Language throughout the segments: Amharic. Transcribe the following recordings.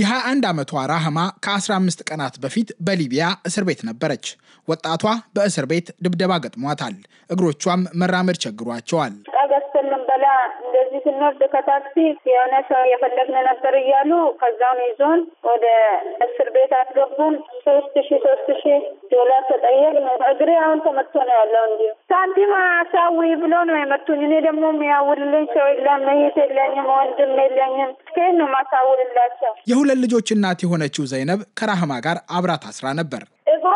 የ21 ዓመቷ ራህማ ከ15 ቀናት በፊት በሊቢያ እስር ቤት ነበረች። ወጣቷ በእስር ቤት ድብደባ ገጥሟታል። እግሮቿም መራመድ ቸግሯቸዋል። ስንወርድ ከታክሲ የሆነ ሰው የፈለግን ነበር እያሉ ከዛውን ይዞን ወደ እስር ቤት አስገቡን። ሶስት ሺ ሶስት ሺ ዶላር ተጠየቅን። እግሬ አሁን ተመቶ ነው ያለው። እንዲ ሳንቲም አሳዊ ብሎ ነው የመቱኝ። እኔ ደግሞ የሚያውልልኝ ሰው የለም፣ መሄት የለኝም፣ ወንድም የለኝም። ከየት ነው ማሳውልላቸው? የሁለት ልጆች እናት የሆነችው ዘይነብ ከራህማ ጋር አብራ ታስራ ነበር። እግሯ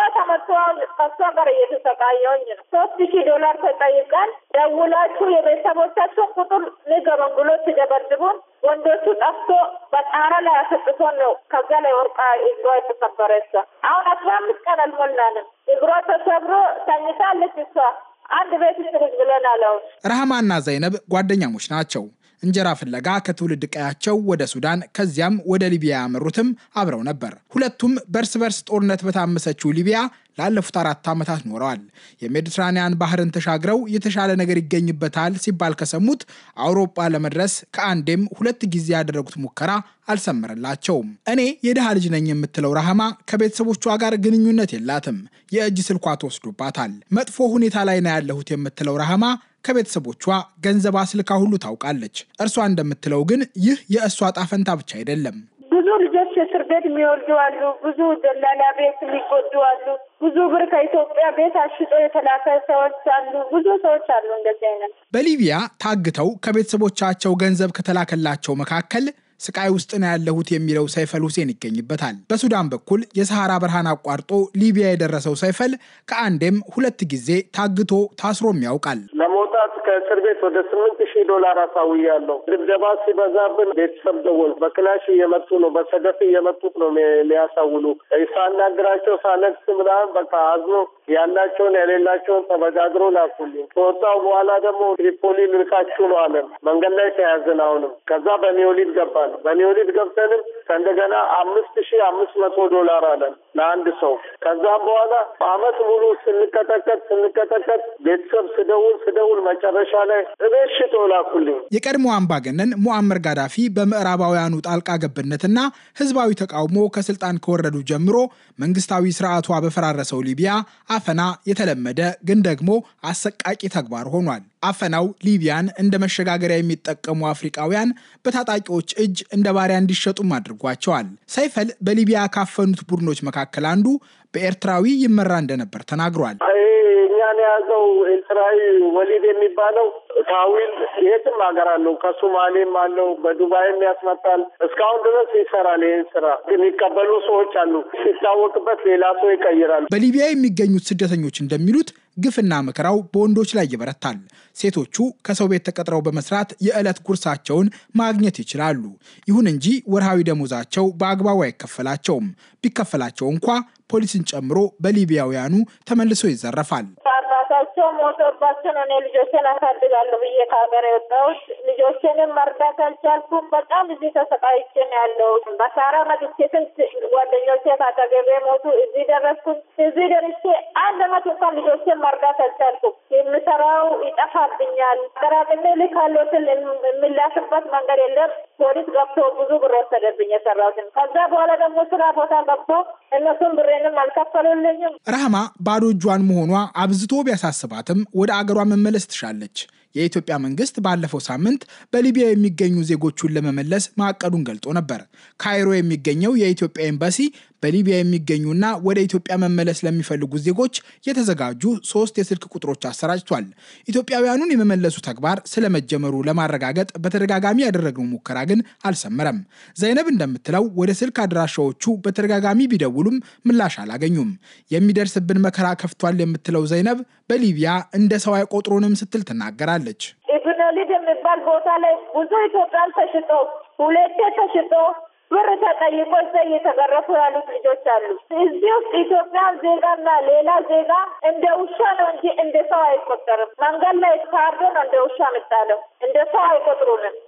ከሷ ጋር እየተሰቃየሁኝ ነው። ሶስት ሺህ ዶላር ተጠይቀን ደውላችሁ የቤተሰቦቻቸው ቁጥር ንገሩን ብሎ ሲደበድቡን ወንዶቹ ጠፍቶ በጣራ ላይ አሰጥቶን ነው። ከዛ ላይ ወርቃ እግሯ የተሰበረ እሷ አሁን አስራ አምስት ቀን አልሞላንም። እግሯ ተሰብሮ ተኝታለች እሷ አንድ ቤት ልጅ ብለን አለውን። ረሃማና ዘይነብ ጓደኛሞች ናቸው። እንጀራ ፍለጋ ከትውልድ ቀያቸው ወደ ሱዳን ከዚያም ወደ ሊቢያ ያመሩትም አብረው ነበር። ሁለቱም በእርስ በርስ ጦርነት በታመሰችው ሊቢያ ላለፉት አራት ዓመታት ኖረዋል። የሜዲትራኒያን ባህርን ተሻግረው የተሻለ ነገር ይገኝበታል ሲባል ከሰሙት አውሮፓ ለመድረስ ከአንዴም ሁለት ጊዜ ያደረጉት ሙከራ አልሰመረላቸውም። እኔ የድሃ ልጅ ነኝ የምትለው ረሃማ ከቤተሰቦቿ ጋር ግንኙነት የላትም። የእጅ ስልኳ ተወስዶባታል። መጥፎ ሁኔታ ላይ ነው ያለሁት የምትለው ረሃማ ከቤተሰቦቿ ገንዘብ አስልካ ሁሉ ታውቃለች። እርሷ እንደምትለው ግን ይህ የእሷ ጣፈንታ ብቻ አይደለም። ብዙ ልጆች እስር ቤት የሚወልዱ አሉ። ብዙ ደላላ ቤት የሚጎዱ አሉ። ብዙ ብር ከኢትዮጵያ ቤት አሽጦ የተላከ ሰዎች አሉ። ብዙ ሰዎች አሉ እንደዚህ አይነት። በሊቢያ ታግተው ከቤተሰቦቻቸው ገንዘብ ከተላከላቸው መካከል ስቃይ ውስጥ ነው ያለሁት የሚለው ሰይፈል ሁሴን ይገኝበታል። በሱዳን በኩል የሰሐራ በርሃን አቋርጦ ሊቢያ የደረሰው ሰይፈል ከአንዴም ሁለት ጊዜ ታግቶ ታስሮም ያውቃል። ከእስር ቤት ወደ ስምንት ሺህ ዶላር አሳውያለሁ። ድብደባ ሲበዛብን ቤተሰብ ደወል በክላሽ እየመጡ ነው፣ በሰደፍ እየመጡት ነው ሊያሳውሉ ሳናግራቸው ሳነግስ ምናምን በቃ አዝኖ ያላቸውን የሌላቸውን ተበጋግሮ ላኩልኝ። ከወጣው በኋላ ደግሞ ትሪፖሊ ልልካችሁ ነው አለን። መንገድ ላይ ተያዝን። አሁንም ከዛ በኒዮሊድ ገባን። በኒዮሊድ ገብተንም ከእንደገና አምስት ሺ አምስት መቶ ዶላር አለን ለአንድ ሰው። ከዛም በኋላ አመት ሙሉ ስንቀጠቀጥ ስንቀጠቀጥ ቤተሰብ ስደውል ስደውል መጨረሻ ላይ እቤት ሽጦ ላኩልኝ። የቀድሞ አምባገነን ሙአመር ጋዳፊ በምዕራባውያኑ ጣልቃ ገብነትና ህዝባዊ ተቃውሞ ከስልጣን ከወረዱ ጀምሮ መንግስታዊ ስርዓቷ በፈራረሰው ሊቢያ አፈና የተለመደ ግን ደግሞ አሰቃቂ ተግባር ሆኗል። አፈናው ሊቢያን እንደ መሸጋገሪያ የሚጠቀሙ አፍሪቃውያን በታጣቂዎች እጅ እንደ ባሪያ እንዲሸጡም አድርጓቸዋል። ሰይፈል በሊቢያ ካፈኑት ቡድኖች መካከል አንዱ በኤርትራዊ ይመራ እንደነበር ተናግሯል። የያዘው ኤርትራዊ ወሊድ የሚባለው ታዊል የትም ሀገር አለው። ከሱማሌም አለው፣ በዱባይም ያስመጣል። እስካሁን ድረስ ይሰራል። ይህን ስራ የሚቀበሉ ሰዎች አሉ። ሲታወቅበት ሌላ ሰው ይቀይራሉ። በሊቢያ የሚገኙት ስደተኞች እንደሚሉት ግፍና መከራው በወንዶች ላይ ይበረታል። ሴቶቹ ከሰው ቤት ተቀጥረው በመስራት የዕለት ጉርሳቸውን ማግኘት ይችላሉ። ይሁን እንጂ ወርሃዊ ደሞዛቸው በአግባቡ አይከፈላቸውም። ቢከፈላቸው እንኳ ፖሊስን ጨምሮ በሊቢያውያኑ ተመልሶ ይዘረፋል። ሰው ሞቶባቸው ነው እኔ ልጆቼን አሳድጋለሁ ብዬ ከሀገር የወጣሁት። ልጆቼንም መርዳት አልቻልኩም። በጣም እዚህ ተሰቃይቼ ነው ያለሁት። በሳራ መግቼትን ወ ልጆቼ አጠገቤ ሞቱ። እዚህ ደረስኩ። እዚህ ደርሼ አንድ አመት እንኳን ልጆቼ መርዳት አልቻልኩም። የምሰራው ይጠፋብኛል። አጠራቅሜ ልካለሁ ስል የሚላስበት መንገድ የለም። ፖሊስ ገብቶ ብዙ ብር ወሰደብኝ የሰራሁትን። ከዛ በኋላ ደግሞ ስራ ቦታ ገብቶ እነሱን ብሬንም አልከፈሉልኝም። ረህማ ባዶ እጇን መሆኗ አብዝቶ ቢያሳስባትም ወደ አገሯ መመለስ ትሻለች። የኢትዮጵያ መንግስት ባለፈው ሳምንት በሊቢያ የሚገኙ ዜጎቹን ለመመለስ ማቀዱን ገልጦ ነበር። ካይሮ የሚገኘው የኢትዮጵያ ኤምባሲ በሊቢያ የሚገኙና ወደ ኢትዮጵያ መመለስ ለሚፈልጉ ዜጎች የተዘጋጁ ሶስት የስልክ ቁጥሮች አሰራጭቷል። ኢትዮጵያውያኑን የመመለሱ ተግባር ስለመጀመሩ ለማረጋገጥ በተደጋጋሚ ያደረግነው ሙከራ ግን አልሰመረም። ዘይነብ እንደምትለው ወደ ስልክ አድራሻዎቹ በተደጋጋሚ ቢደውሉም ምላሽ አላገኙም። የሚደርስብን መከራ ከፍቷል የምትለው ዘይነብ በሊቢያ እንደ ሰው አይቆጥሩንም ስትል ትናገራለች። ኢብን የሚባል ቦታ ላይ ብዙ ኢትዮጵያን ተሽጦ ሁለቴ ተሽጦ ብር ተጠይቆ እየተገረፉ ያሉት ልጆች አሉ። እዚህ ውስጥ ኢትዮጵያ ዜጋና ሌላ ዜጋ እንደ ውሻ ነው እንጂ እንደ ሰው አይቆጠርም። መንገድ ላይ ታርዶ ነው እንደ ውሻ ምጣለው። እንደ ሰው አይቆጥሩንም።